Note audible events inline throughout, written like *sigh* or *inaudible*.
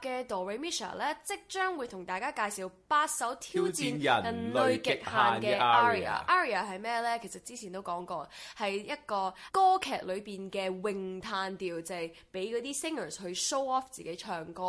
嘅 Dory Misha 咧，即將會同大家介紹八首挑戰人類極限嘅 aria, aria。aria 係咩咧？其實之前都講過，係一個歌劇裏邊嘅詠嘆調，就係俾嗰啲 singers 去 show off 自己唱歌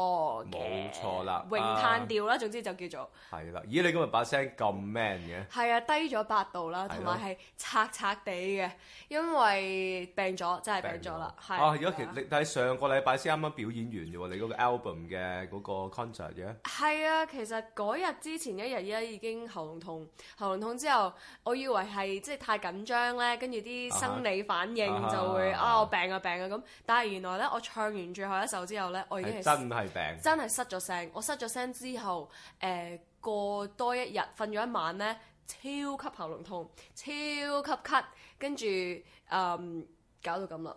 泳。冇錯啦，詠嘆調啦，總之就叫做係啦。咦？你今日把聲咁 man 嘅？係啊，低咗八度啦，同埋係刷刷地嘅，因為病咗，真係病咗啦。係啊！如果其實你睇上個禮拜先啱啱表演完啫，你嗰個 album 嘅。嘅嗰個 concert 嘅，係啊，其實嗰日之前一日已經喉嚨痛，喉嚨痛之後，我以為係即係太緊張咧，跟住啲生理反應就會 uh -huh. Uh -huh. 啊我病啊病啊咁，但係原來咧我唱完最後一首之後咧，我已經係真係病，真係失咗聲。我失咗聲之後，誒、呃、過多一日，瞓咗一晚咧，超級喉嚨痛，超級咳，跟住、嗯、搞到咁啦。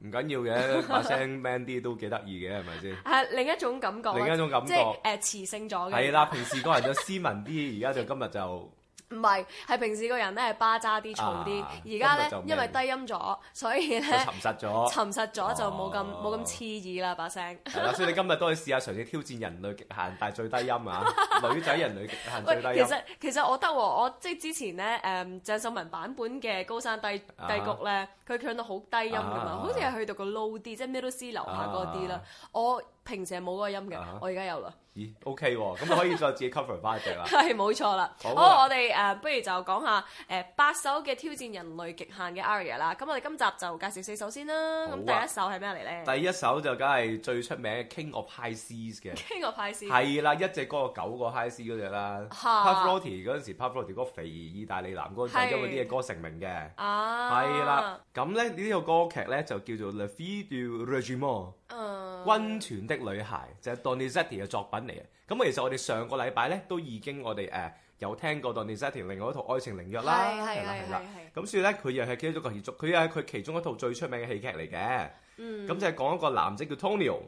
唔緊要嘅，把聲 man 啲都幾得意嘅，係咪先？係、啊、另一種感覺，另一種感覺，誒磁、呃、性咗嘅。係啦，平時個人就斯文啲，而 *laughs* 家就今日就。唔係，係平時個人咧係巴渣啲嘈啲，而家咧因為低音咗，所以咧沉實咗，沉實咗就冇咁冇咁刺耳啦把聲，係啦。所以你今日都可以試下嘗試挑戰人類極限，但係最低音啊！ *laughs* 女仔人類極限最低音。喂，其實其實我得、啊、我即係之前咧誒、嗯，鄭秀文版本嘅高山低低谷咧，佢唱到好低音㗎嘛、啊，好似係去到個 low 啲，即係 middle C 樓下嗰啲啦，我。平時係冇嗰個音嘅，uh -huh。我而家有啦。咦，OK 喎，啊，咁可以再自己 cover 翻一隻啦。係冇錯啦。好，我哋誒，uh, 不如就講下誒八首嘅挑戰人類極限嘅 aria 啦。咁我哋今集就介紹四首先啦。咁、啊、第一首係咩嚟咧？第一首就梗係最出名 King of High C's 嘅。King of High C's 係啦，一隻歌有九個 high C 嗰隻啦。Pavarotti 嗰陣時，Pavarotti 嗰個肥意大利男歌仔，咁因為呢隻歌成名嘅。啊，係啦。咁咧呢套，這個，歌劇咧就叫做 La Fille du Régiment。Uh,《軍團的女孩》就係、是、Donizetti 嘅作品嚟嘅，咁其實我哋上個禮拜咧都已經我哋誒、呃、有聽過 Donizetti 另外一套《愛情靈藥》啦，係啦係啦，咁所以咧佢又係其中一個延續，佢係佢其中一套最出名嘅戲劇嚟嘅，咁、嗯、就係講一個男仔叫 Tony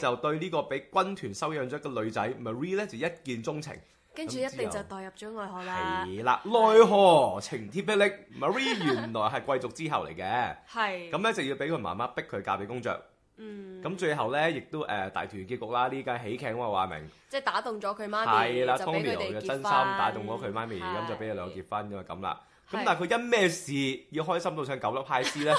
就對呢個俾軍團收養咗一嘅女仔 Marie 咧就一見鐘情，跟住一定後後就墮入咗愛河啦，係啦，奈何情天霹靂，Marie 原來係貴族之後嚟嘅，咁 *laughs* 咧就要俾佢媽媽逼佢嫁俾公爵。嗯，咁最後咧，亦都誒、呃、大團結局啦！呢家喜劇咁嘅話明，即係打動咗佢媽咪，係啦就俾佢啦，方真心打動咗佢媽咪，咁就俾佢兩結婚咁啊咁啦。咁、就是、但係佢因咩事要開心到唱九粒 high C 咧？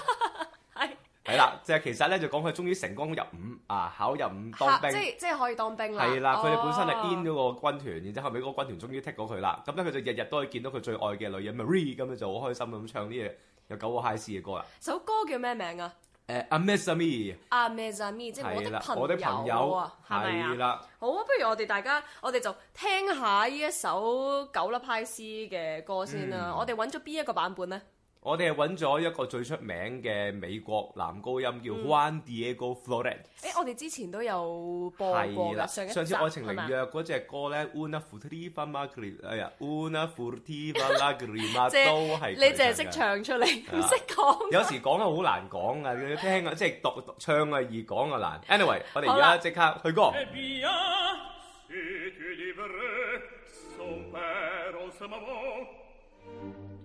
係係啦，就係其實咧就講佢終於成功入伍啊，考入伍當兵，即係即係可以當兵啦。係、啊、啦，佢哋本身係 in 咗個軍團，然之後尾嗰個軍團終於 take 過佢啦。咁咧佢就日日都可以見到佢最愛嘅女人 Marie 咁樣就好開心咁唱啲嘢，有九個 high C 嘅歌啦。首歌叫咩名啊？誒、uh, amazing me，amazing me，即係我的朋友啊，係咪啊？好，不如我哋大家，我哋就聽下呢一首《九粒派斯》嘅歌先啦、嗯。我哋揾咗邊一個版本咧？我哋係揾咗一個最出名嘅美國男高音，叫 Juan Diego Florez。誒、嗯欸，我哋之前都有播過啦，上次愛情靈約嗰隻歌咧，Una furtiva magri 哎呀，Una furtiva lagrima， *laughs* 就是、都係佢。你淨係識唱出嚟，唔識講。有時講得好難講噶，你聽啊，即、就、係、是、讀,讀唱啊，易講啊難。Anyway，我哋而家即刻，去歌。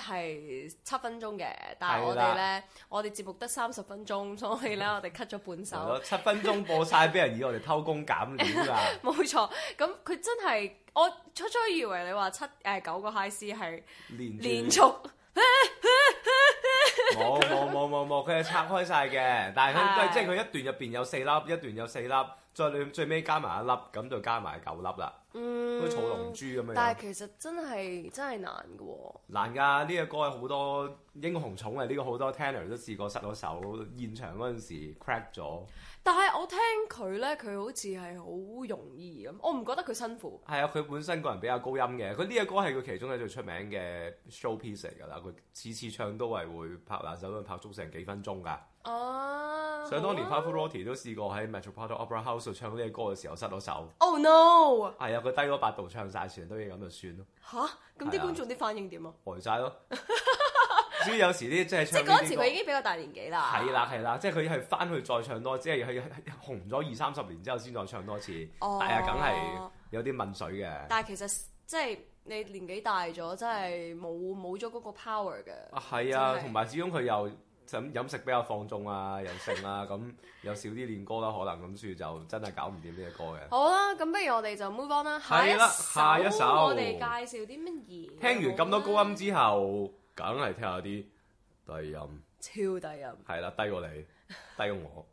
係七分鐘嘅，但係我哋咧，我哋節目得三十分鐘，所以咧我哋 cut 咗半首。 *laughs* 七分鐘播晒俾人以為我哋偷工減料啦。冇 *laughs* 錯，咁佢真係我初初以為你話七誒九個 high C 係連連續。冇冇冇冇冇，佢係拆開晒嘅，但係佢即係佢一段入邊有四粒，一段有四粒，再最最尾加埋一粒，咁就加埋九粒啦。都藏龍珠咁樣，但係其實真係真係難嘅喎、哦。難㗎，呢、這個歌有好多英雄重嘅，呢個好多 tenor 都試過失咗手，現場嗰陣時候 crack 咗。但係我聽佢咧，佢好似係好容易咁，我唔覺得佢辛苦。係啊，佢本身個人比較高音嘅，佢呢個歌係佢其中一最出名嘅 show piece 嚟㗎啦。佢次次唱都係會拍爛手，都拍足成幾分鐘㗎。哦、啊。想、啊、當年 Pavarotti 都試過喺 Metropolitan Opera House 唱呢個歌嘅時候失咗手。Oh no！係啊，佢低咗八度唱晒全都嘢咁就算咯。吓？咁啲觀眾啲反應點啊？呆晒咯！呃 *laughs* 呃、 *laughs* 至於有時啲即係即嗰陣時佢已經比較大年紀啦。係啦係啦，即係佢係翻去再唱多，即係佢紅咗二三十年之後先再唱多次，係啊，梗係有啲濛水嘅。但係其實即係你年紀大咗，真係冇冇咗嗰個 power 嘅。係啊，同埋始終佢又。咁飲食比較放縱啊，人性啊，咁 *laughs* 有少啲練歌啦，可能咁所以就真係搞唔掂呢隻歌嘅。好啦，咁不如我哋就 move on 啦，下一首，下一首我哋介紹啲乜嘢？聽完咁多高音之後，梗係聽下啲低音，超低音，係啦，低過你，低過我，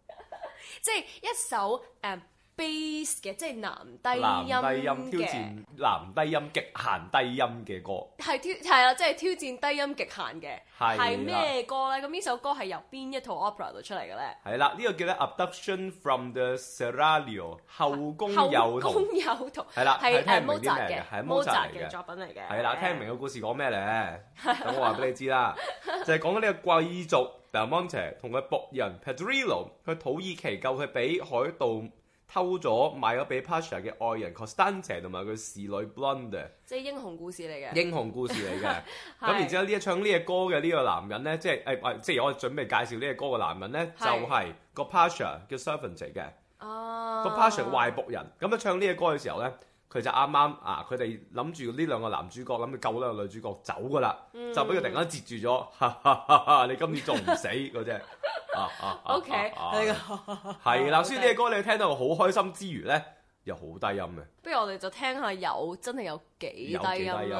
即 *laughs* 係一首誒，嗯 base 嘅即係男低音嘅挑戰男低音極限低音嘅歌，係挑係啦，即係挑戰低音極限嘅係咩歌咧？咁呢首歌係由邊一套 opera 度出嚟嘅咧？係啦，呢、這個叫咧《Abduction from the Seraglio》後宮誘逃，後宮誘逃係啦，係 Mozart 嘅係 Mozart 嘅作品嚟嘅係啦，聽唔明個故事講咩咧？咁 *laughs* 我話俾你知啦， *laughs* 就係講緊呢個貴族 Belmonte 同佢僕人 Pedrillo 去土耳其救佢俾海盜。偷咗買咗俾 Pasha 嘅愛人 Costante 同埋佢侍女 Blunder 即係英雄故事嚟嘅。英雄故事嚟嘅。咁 *laughs* 然之後呢一唱呢個歌嘅呢個男人咧，就是、是即係即係我準備介紹呢個歌嘅男人咧，是就係個 Pasha 叫 Servant 嘅。哦、oh。個 Pasha 壞僕人。咁一唱呢個歌嘅時候咧。佢就啱啱啊！佢哋諗住呢兩個男主角諗住救兩個女主角走噶啦，嗯、就俾佢突然間截住咗。你今次仲唔死嗰啫、？ *laughs* 啊？啊啊！O K，係嘅，係、okay. 啦、啊。所以呢個歌你聽到好開心之餘咧，又好低音嘅。不如我哋就聽下有真係有幾低音、啊有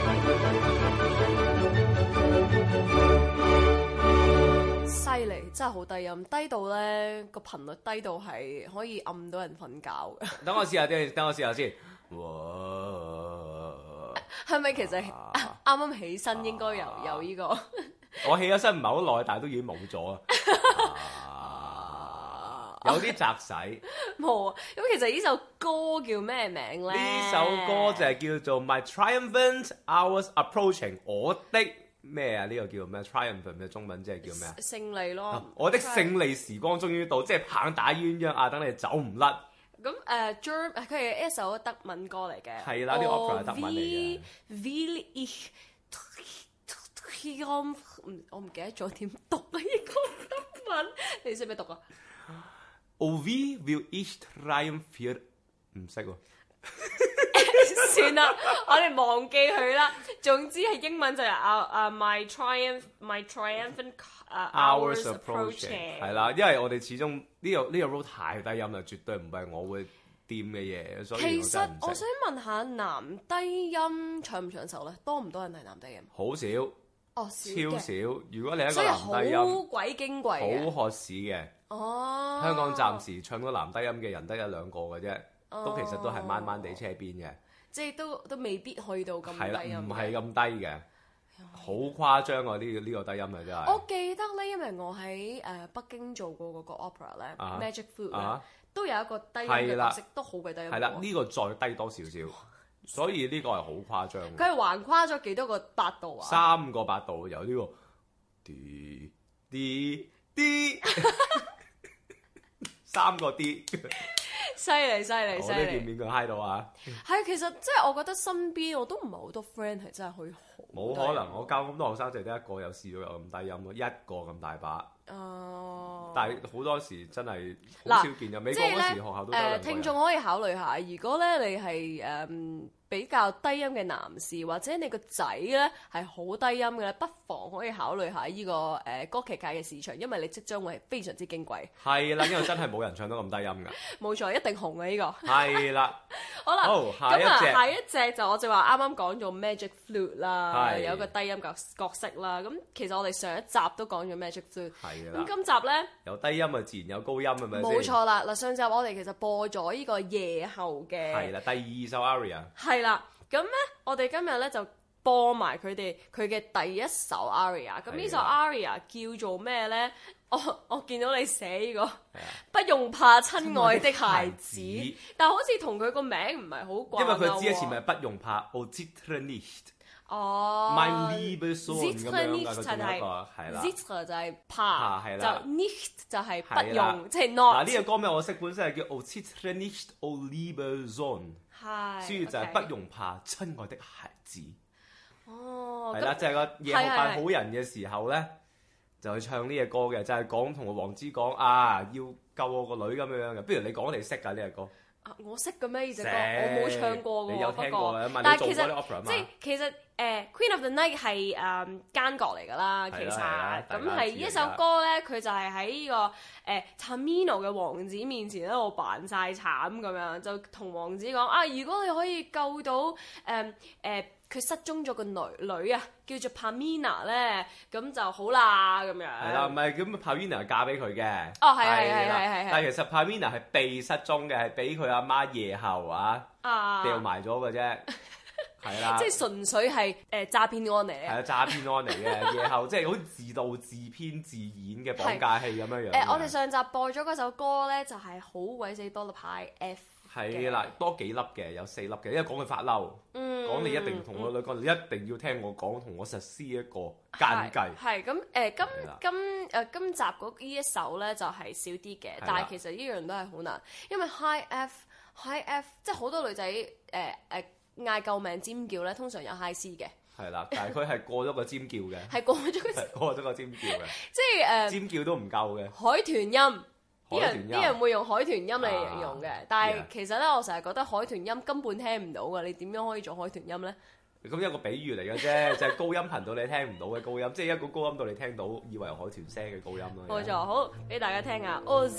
低嚟真係好低音，低到咧個頻率低到係可以暗到人瞓覺嘅。等 *laughs* 我試下先，等我試下先。哇！係咪其實啱啱、啊啊、起身應該有有呢個 *laughs* ？我起咗身唔係好耐，但係都已經冇咗 *laughs* 啊！有啲雜使。冇 *laughs* 啊！咁其實呢首歌叫咩名咧？呢首歌就係叫做 My Triumphant Hours Approaching，我的。咩啊？呢個叫做咩？Triumph 嘅中文即係叫咩啊？勝利咯！我的勝利時光終於到，即係棒打鴛鴦啊！等你走唔甩。咁誒，German 佢係一首德文歌嚟嘅。係啦，啲 opera 係德文嚟嘅。V Triumph，我唔記得咗點讀呢個德文，你識咩讀啊？O wie will ich triumphieren？唔識喎。 *laughs* 算啦，我哋忘記佢啦。總之係英文就係啊啊，my triumph, my triumphant hours approaching、yeah, 係、uh, 啦、yeah，因為我哋始終呢、呢個呢、呢個 role 太低音啦，絕對唔係我會掂嘅嘢。其實我想問下男低音搶唔搶手咧？多唔多人係男低音？好少哦，超少。如果你一個男低音，所以好鬼矜貴嘅，好渴市嘅。哦、啊，香港暫時唱到男低音嘅人得一兩個嘅啫。都、哦、其實都係掹掹地車邊嘅，即係都都未必去到咁低音嘅。唔係咁低嘅，好誇張喎、啊！呢個呢個低音真㗎。我記得咧，因為我喺誒北京做過嗰個 Opera 咧、啊、Magic Flute 咧、啊，都有一個低音嘅，都好鬼低音。係啦，呢、這個再低多少少，所以呢個係好誇張。佢係橫跨咗幾多個八度啊？三個八度，有呢、這個 D D D，三個 D。 *laughs* 犀利犀利犀利！我呢面面佢嗨 i g h 到啊！係 *laughs* 其實即係我覺得身邊我都唔係好多 friend 係真係去，冇可能我教咁多學生就係得一個有試到有咁低音咯，一個咁大把哦！Uh... 但係好多時候真係好少見嘅，啊、美國嗰時學校都得誒，呃，聽眾可以考慮一下，如果咧你係誒。Um, 比較低音嘅男士，或者你個仔咧係好低音嘅咧，不妨可以考慮下依個誒歌劇界嘅市場，因為你即將會非常之矜貴。係啦，因為真係冇人唱得咁低音噶。冇錯，一定紅啊呢個。係啦，好啦，咁啊，下一隻就我正話啱啱講咗 Magic Flute 啦，有一個低音嘅角色啦。咁其實我哋上一集都講咗 Magic Flute。係啦。咁今集咧有低音啊，自然有高音啊，係咪先？冇錯啦，嗱上集我哋其實播咗依個夜後嘅係啦第二首 Aria。係。係啦，咁咧，我哋今日咧就播埋佢哋佢嘅第一首 aria。咁呢首 aria 叫做咩咧？我我見到你寫呢個不用怕，親愛的孩子。但係好似同佢個名唔係好掛。因為佢之前咪不用怕。哦，my liebe son 咁樣個主題係啦，zittre 就係怕，就 nicht 就係不用即係 not。嗱呢個歌名我識本身係叫 o zittre nicht, o liebe son。係，所以就係不用怕，親愛的孩子。哦，係啦、啊，就係、是、個夜幕扮好人嘅時候咧，就去唱呢隻歌嘅，就係講同阿黃之講啊，要救我個女咁樣樣嘅。不如你講嚟識啊呢隻歌。我識嘅咩呢隻歌？我冇唱過喎。不過，過 Opera，但係其實即係其實誒《Queen of the Night》係誒奸角嚟㗎啦。其實咁係一,一首歌咧，佢就係喺呢個誒呃 Tamino 嘅王子面前咧，我扮晒慘咁樣，就同王子講啊、呃！如果你可以救到誒誒。呃呃佢失蹤咗個女女啊，叫做 Pamina 咧，咁就好啦咁樣。係啦，唔係咁 Pamina 係嫁俾佢嘅。哦，係係係但其實 Pamina 係被失蹤嘅，係俾佢阿媽夜後啊，啊掉埋咗嘅啫。係 *laughs* 啦是的，即係 *laughs* 純粹係誒詐騙案嚟嘅。係啊，詐騙案嚟嘅 *laughs* 夜後，即係好似自導自編自演嘅綁架戲咁樣樣。誒，我哋上集播咗嗰首歌咧，就係好鬼死多粒牌 F。係啦，多幾粒嘅，有四粒嘅，因為講佢發嬲，講你一定同我女講，你一定要聽我講，同我實施一個間計。係咁，誒，今今誒今集嗰呢一首咧就係少啲嘅，但係其實呢樣都係好難，因為 high F high F，即係好多女仔誒誒嗌救命尖叫咧，通常有 high C 嘅。係啦，但係佢係過咗個尖叫嘅。係過咗個過咗個尖叫嘅。即係誒。尖叫都唔夠嘅。海豚音。啲人啲人會用海豚音嚟形容嘅，啊，但係其實咧，我成日覺得海豚音根本聽唔到㗎。你點樣可以做海豚音咧？咁一個比喻嚟嘅啫， *laughs* 就係高音頻道你聽唔到嘅高音，即 *laughs* 係、就係、一個高音到你聽到以為有海豚聲嘅高音咯。冇錯，好俾大家聽下。哦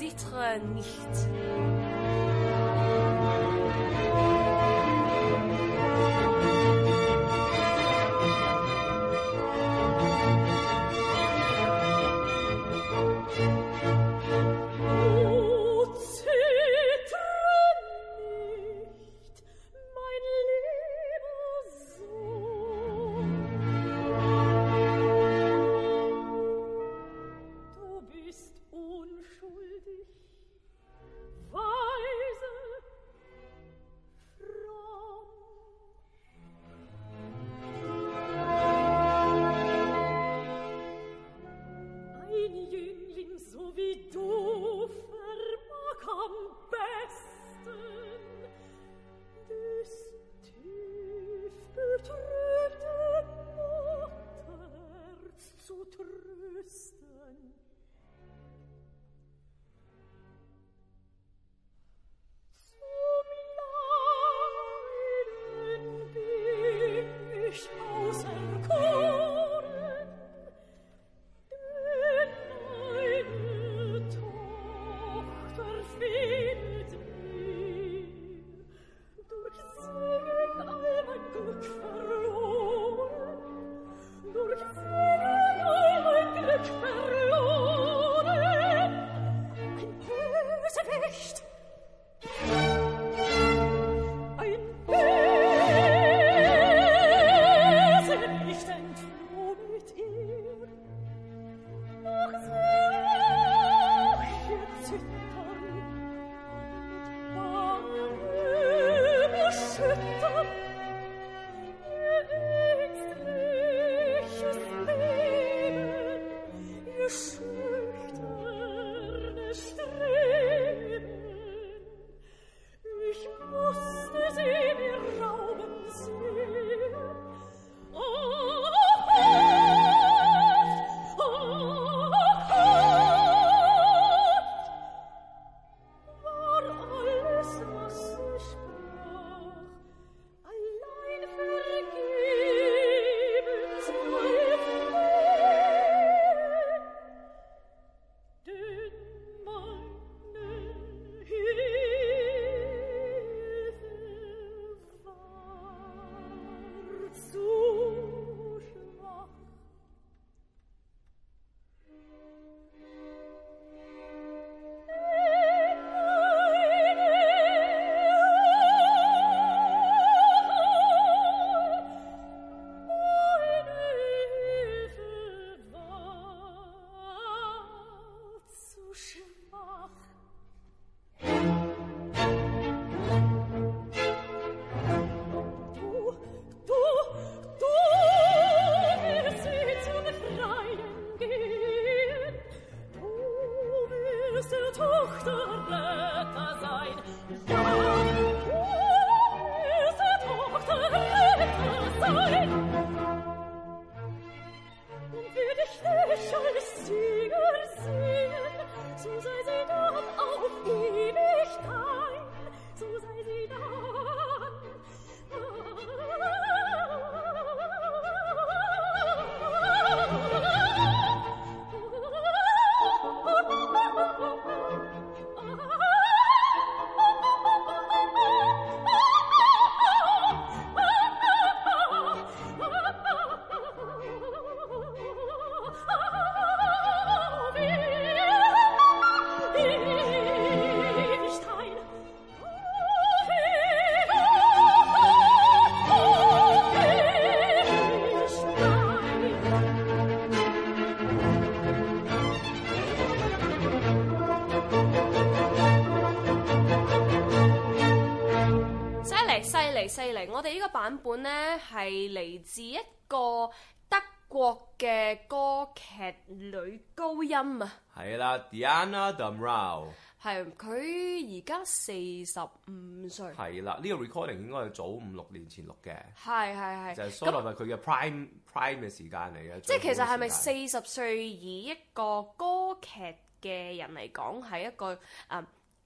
是一個德國嘅歌劇女高音啊！係啦，Diana Damrau，係，佢而家四十五歲。係啦，呢個 recording 應該係早五六年前錄嘅。係係係。咁就係佢嘅 prime prime 嘅時間嚟嘅。即係其實係咪四十歲以一個歌劇嘅人嚟講係一個誒？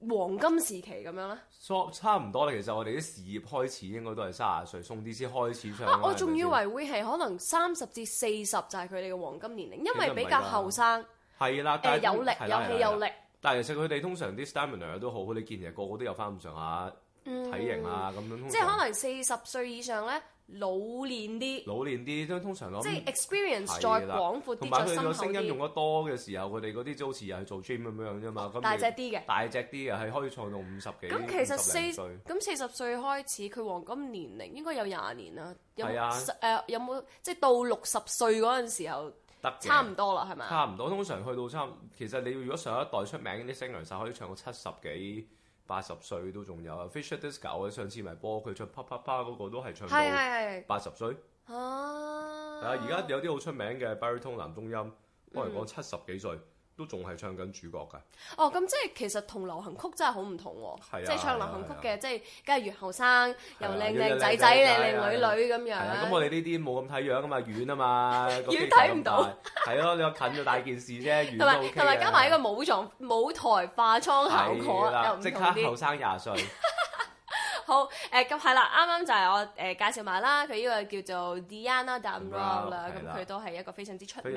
黃金時期咁樣咧，so, 差唔多啦。其實我哋啲事業開始應該都係三十歲，鬆啲先開始上、啊。我仲以為會係可能三十至四十就係佢哋嘅黃金年齡，因為比較後生，係啦，誒有力有氣有力。有力嗯、是是是是，但係其實佢哋通常啲 stamina 都好好，你見成個個都有翻咁上下體型啊咁、嗯、樣。即係可能四十歲以上咧。老練啲，老練啲都通常攞。即係 experience 再廣闊啲，同埋佢個聲音用得多嘅時候，佢哋嗰啲就好似又做 gym 咁樣啫嘛。哦、那麼那麼大隻啲嘅，大隻啲嘅係可以唱到五十幾咁其實四十歲，咁四十歲開始佢黃金年齡應該有廿年啦。係啊，有冇、呃、即係到六十歲嗰陣時候得差唔多啦？係咪差唔多，通常去到差，其實你如果上一代出名啲聲量曬，可以唱到七十幾八十歲都仲有，Fisher Disc 啊，Fish Disco，上次咪播佢唱啪啪啪嗰、那個都係唱到八十歲。啊，而家有啲好出名嘅 Baritone 男中音，可能講七十幾歲。嗯都仲係唱緊主角㗎。哦，咁即係其實同流行曲真係好唔同喎，啊啊。即係唱流行曲嘅，啊啊，即係梗係越後生，又靚靚仔仔、靚靚、啊、女女咁、啊、樣。咁、啊、我哋呢啲冇咁睇樣㗎嘛，遠啊嘛。遠睇唔到。係、那、咯、個，你 *laughs* 話、啊、近就大件事啫，遠都 OK。同埋加埋一個舞場、舞台化妝效果、啊，即刻後生廿歲。 *laughs* 好，誒咁係啦，啱、啊、啱就係我誒、呃、介紹埋啦，佢呢個叫做 Diana Damrau 啦，咁佢都係一個非常之出名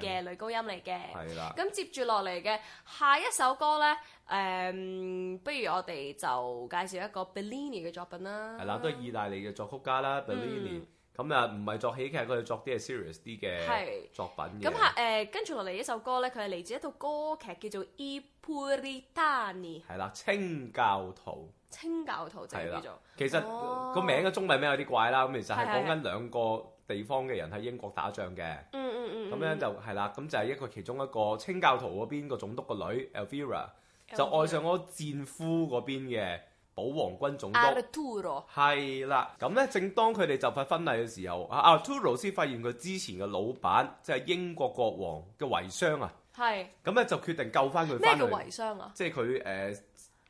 嘅女高音嚟嘅。係啦，咁接住落嚟嘅下一首歌咧，誒、欸，不如我哋就介紹一個 Bellini 嘅作品啦。係啦，都係意大利嘅作曲家啦，Bellini。咁、嗯、啊，唔係作喜劇，佢係作啲係 serious 啲嘅作品嘅。咁啊，誒、嗯，跟住落嚟呢首歌咧，佢係嚟自一套歌劇叫做《I Puritani》。係啦，清教徒。清教徒就係啦，其實個、哦、名嘅中文名有啲怪啦，咁其實係講緊兩個地方嘅人喺英國打仗嘅。嗯嗯嗯，咁樣就係啦，咁就係一個其中一個清教徒嗰邊個總督個女 Elvira、okay. 就愛上嗰個戰俘嗰邊嘅保皇軍總督。Arturo 係啦，咁呢，正當佢哋就快婚禮嘅時候，Arturo 先發現佢之前嘅老闆即係英國國王嘅遺孀啊。係。咁呢，就決定救翻佢翻嚟。咩叫遺孀啊？即係佢誒。呃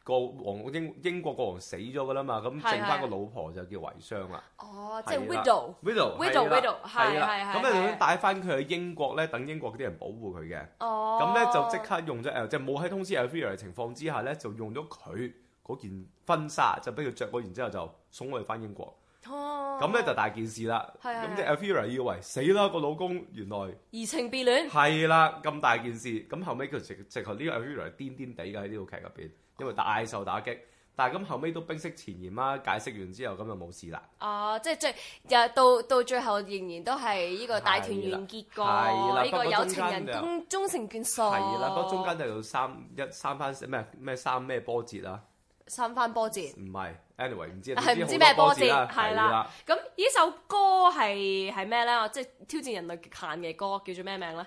個王英英國國王死咗噶啦嘛，咁剩翻個老婆就叫遺孀啦。哦，即係 widow，widow，widow，widow，係啦係啦。咁咧帶翻佢去英國咧，等英國嗰啲人保護佢嘅。哦。咁咧就即刻用咗，誒，即係冇喺通知 Aphria 嘅情況之下咧，就用咗佢嗰件婚紗，就俾佢着過，然之後就送佢翻英國。哦。咁咧就大件事啦。係。咁即係 Aphria 以為死啦個老公，原來移情別戀。係啦，咁大件事，咁後尾，佢直直頭呢個 Aphria 癲癲地嘅喺呢套劇入邊。因為大受打擊，但係咁後尾都冰釋前嫌啦，解釋完之後咁就冇事啦。哦、啊，即係最又到到最後仍然都係呢個大團圓結局，呢、呢個有情人終成眷屬。係啦，不過中間就有、是、三一三番咩咩三咩波折啦、啊。三番波折。唔係，anyway 唔知唔知咩波折係啦。咁呢首歌係係咩咧？即係、就是、挑戰人類極限嘅歌，叫做咩名咧？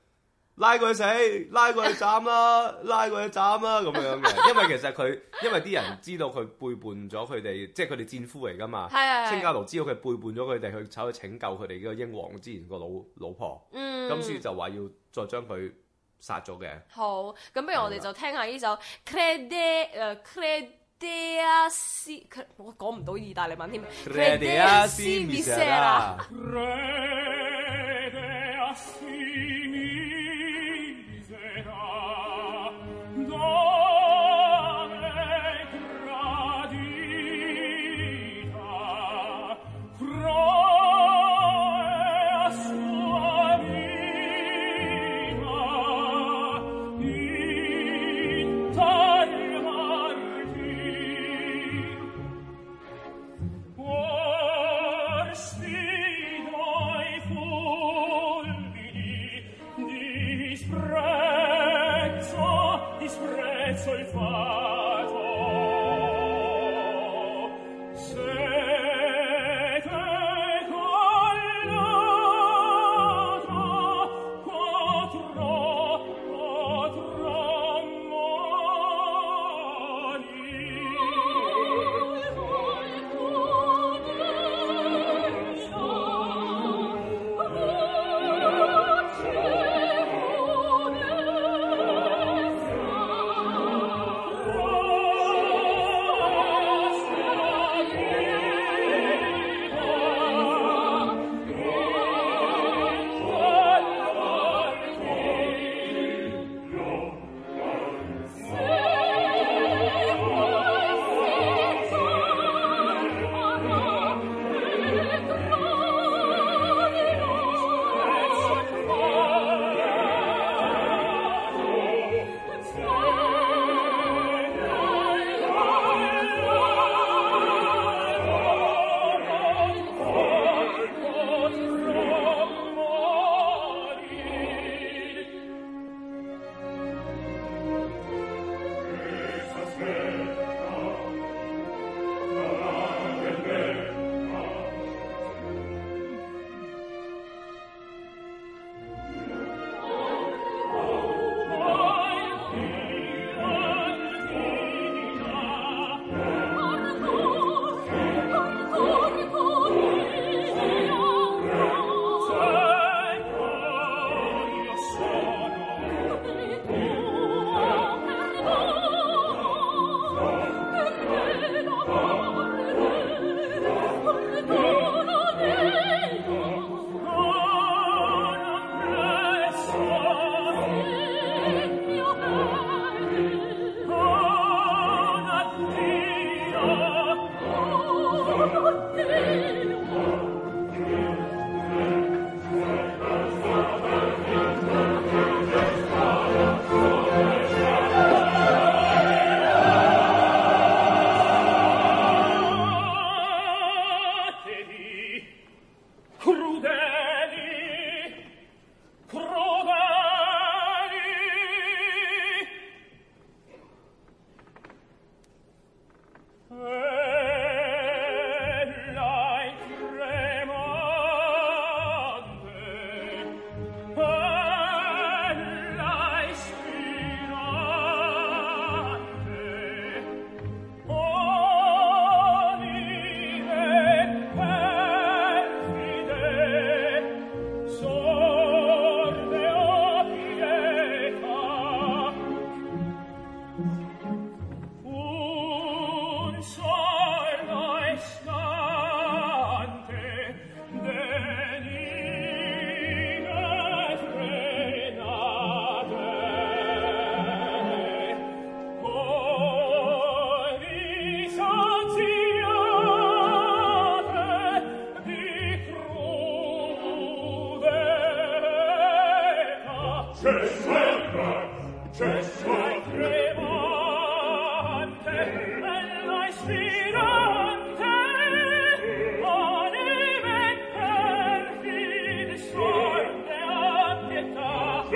拉佢死，拉佢去斬啦， *laughs* 拉佢去斬啦，咁樣嘅，因為其實佢，因為啲人知道佢背叛咗佢哋，即係佢哋戰俘嚟噶嘛。係啊，清家奴知道佢背叛咗佢哋，去走去拯救佢哋嘅英王之前個老老婆。嗯，咁所以就話要再將佢殺咗嘅。好，咁不如我哋就聽下呢首《Credeasi》誒，《Credeasi》我講唔到意大利文添，《Credeasi, misera》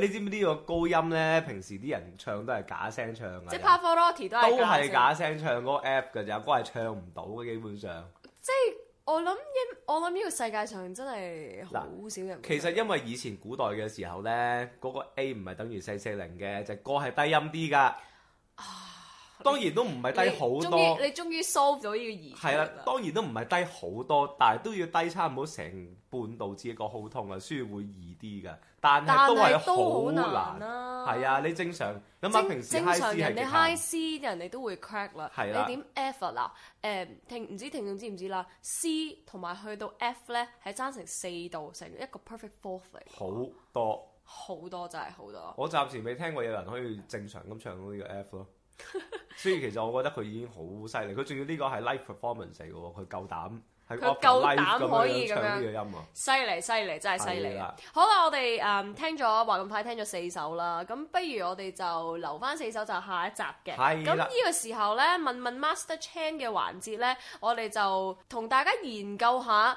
你知唔知呢個高音咧？平時啲人唱都係假聲唱嘅，即係 Pavarotti 都係假聲唱嗰個 app 嘅，有個係唱唔到嘅，基本上。即係我諗我諗呢個世界上真係好少人。其實因為以前古代嘅時候咧，嗰、那個 A 唔係等於四四零嘅，就是、歌係低音啲噶。啊！當然都唔係低好多你。你終於 solve 咗呢個疑係啦。當然都唔係低好多，但係都要低差唔多成半度至一個好痛嘅，所以會易啲嘅。但係都好難啦。係啊，啊，你正常咁，平時、high、C 正常人哋 high C，人哋都會 crack 啦。係啦、啊。你點 F 啦？誒，聽唔知道聽眾知唔知啦？C 同埋去到 F 咧，係爭成四度，成一個 perfect fourth 嚟好多。好多就係、是、好多。我暫時未聽過有人可以正常咁唱到呢個 F 咯。 *laughs* 所以其實我覺得佢已經好犀利，佢仲要呢個係 live performance 嚟喎，佢夠膽。佢夠膽可以咁樣，犀利犀利，真係犀利！好啦，我哋誒、嗯、聽咗話咁快聽咗四首啦，咁不如我哋就留翻四首就下一集嘅。係啦。咁呢個時候咧，問問 Master Chan 嘅環節咧，我哋就同大家研究下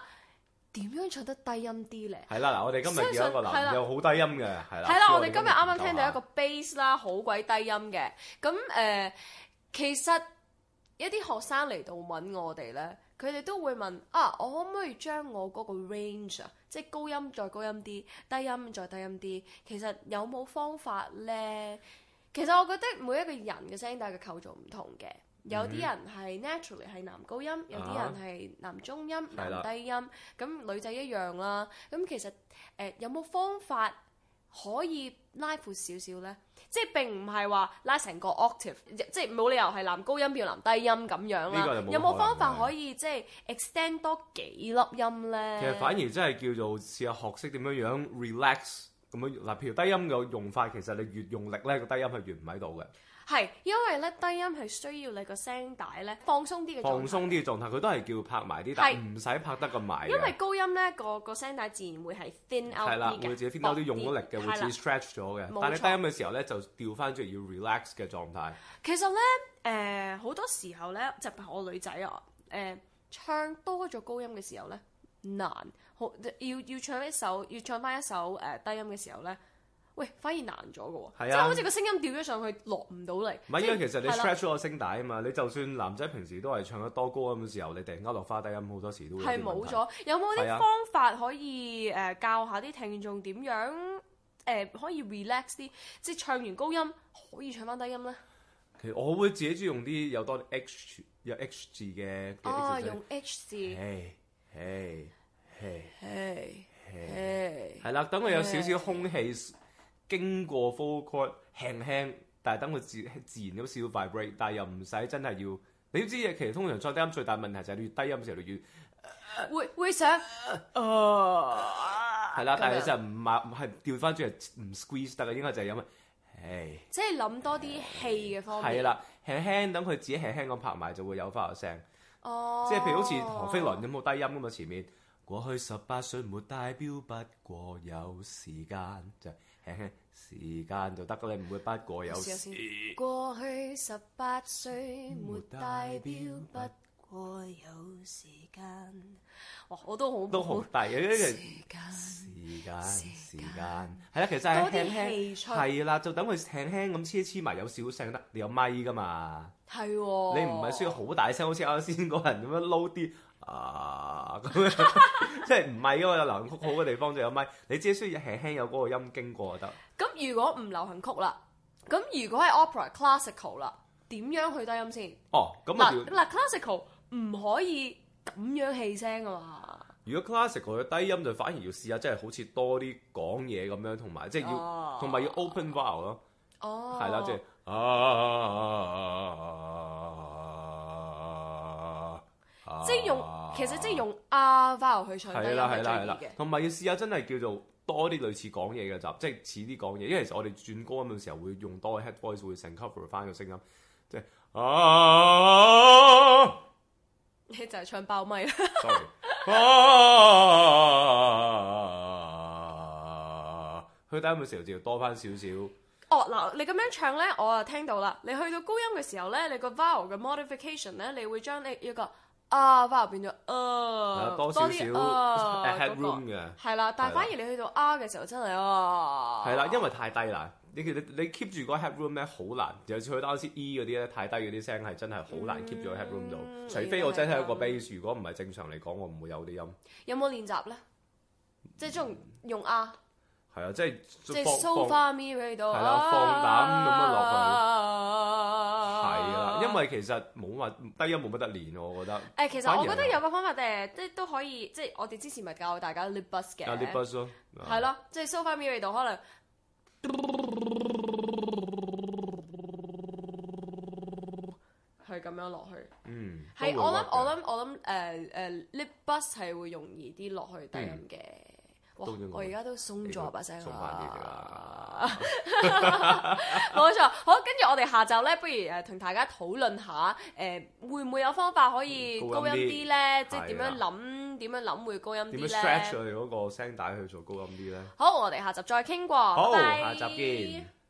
點樣唱得低音啲咧。係啦，嗱，我哋今日有一個又好低音嘅，係啦。係啦，我哋今日啱啱聽到一個 bass 啦，好鬼低音嘅。咁、呃、其實。一啲學生嚟到問我哋咧，佢哋都會問啊，我可唔可以將我嗰個 range 啊，即係高音再高音啲，低音再低音啲？其實有冇方法咧？其實我覺得每一個人嘅聲帶嘅構造唔同嘅，有啲人係 naturally 係男高音，有啲人係男中音、啊、男低音。咁女仔一樣啦。咁其實誒、呃、有冇方法？可以拉闊少少咧，即係並唔係話拉成個 octave，即係冇理由係男高音變男低音咁樣啦。這個、有冇有冇方法可以即係 extend 多幾粒音咧？其實反而真係叫做試下學識點樣樣 relax 咁樣嗱，譬如低音嘅用法其實你越用力咧，個低音係越唔喺度嘅。係，因為咧低音係需要你個聲帶咧放鬆啲嘅狀態。放鬆啲嘅狀態，佢都係叫拍埋啲，但係唔使拍得咁埋。因為高音咧個個聲帶自然會係 thin out 啲啦，會自己 thin out 啲，用咗力嘅會自己 stretch 咗嘅。但係低音嘅時候咧，就調翻轉要 relax 嘅狀態。其實咧，誒、呃、好多時候咧，特別我女仔啊，誒、呃、唱多咗高音嘅時候咧難，好要要唱一首要唱翻一首誒、呃、低音嘅時候咧。喂，反而難咗嘅，啊、即係好似個聲音掉咗上去落唔到嚟。唔係，因為其實你 stretch 咗聲帶啊嘛，啊你就算男仔平時都係唱得多高音嘅時候，你突然間落花低音好多時都係冇咗。有冇啲方法可以、啊呃、教下啲聽眾點樣、呃、可以 relax 啲，即係唱完高音可以唱翻低音咧？其實我會自己中意用啲有多 h 有 h 字嘅。歌、啊，用 h 字。係啦，等佢有少少空氣。Hey. Hey. 經過 full cut o 輕輕，但係等佢自自然咁少 vibrate，但係又唔使真係要，你都知其實通常再低音最大問題就係越低音時候你越，越、呃、會會想，係、啊、啦、嗯，但係就唔係唔係調翻轉唔 squeeze 得嘅，應該就係因為氣，即係諗多啲氣嘅方面。係啦，輕輕等佢自己輕輕咁拍埋就會有翻個聲。哦，即係譬如好似何飛倫有冇低音咁嘛？前面過去十八歲冇戴表，不過有時間就輕輕。時間就得㗎，你唔會不過有時。過去十八歲，沒大錶，不過有時間。我都好都好大嘅，因為時間、時間、時間係啦。其實係輕輕係啦，就等佢輕輕咁黐一黐埋，有小聲得、哦，你有咪噶嘛？係你唔係需要好大聲，好似啱先嗰人咁樣撈啲。啊，咁樣 *laughs* 即係唔係因為有流行曲好嘅地方就 *laughs* 有咪，你只係需要輕輕有嗰個音經過就得。咁如果唔流行曲啦，咁如果係 opera classical 啦，點樣去低音先？哦，咁啊，嗱 classical 唔可以咁樣氣聲噶嘛。如果 classical 嘅低音就反而要試下，即、就、係、是、好似多啲講嘢咁樣，同埋即係要同埋、啊、要 open vowel 咯。哦、啊，係啦，即係啊，啊。啊啊啊啊啊啊、即係用，其實即係用 R vowel 去唱都係中意嘅。同埋要試下真係叫做多啲類似講嘢嘅集，即係似啲講嘢。因為其實我哋轉歌咁嘅時候會用多啲 head voice 會整 cover 翻個歌聲音，即係啊，uh, 你就係唱爆咪啦。Uh, uh, uh, 去低音嘅時候就要多翻少少。哦，嗱，你咁樣唱咧，我啊聽到啦。你去到高音嘅時候咧，你個 vowel 嘅 modification 咧，你會將呢、這、一個。啊，反而變咗啊，多少少、啊啊、headroom 嘅，係、那、啦、個，但係反而你去到 R 嘅時候真係啊，係啦，因為太低啦，你其實你 keep 住個 headroom 咧好難，尤其是佢嗰陣 E 嗰啲咧太低嗰啲聲係真係好難 keep 住 headroom 度、嗯，除非我真係一個 bass 如果唔係正常嚟講我唔會有啲音。有冇練習咧？即係仲用 R？、啊係啊，即係即係 so fa mi re do，係啊，放膽咁樣落去。係啊是，因為其實冇話低音冇乜得練，我覺得。誒，其實我覺得有個方法誒，即係都可以，即係我哋之前咪教大家 lip bus 嘅、啊。lip bus 咯。係咯，即係、就是、so fa mi re do，可能係咁樣落去。嗯。係我諗，我諗，我諗誒誒 lip bus 係會容易啲落去低音嘅。嗯。哦、我而家都鬆咗把聲啦，冇 *laughs* *laughs* 錯。好，跟住我哋下集咧，不如呃、同大家討論下，呃、會唔會有方法可以高音啲咧？即係點樣諗？點樣諗會高音啲咧？Stretch 我哋嗰個聲帶去做高音啲咧？好，我哋下集再傾過。好 bye bye，下集見。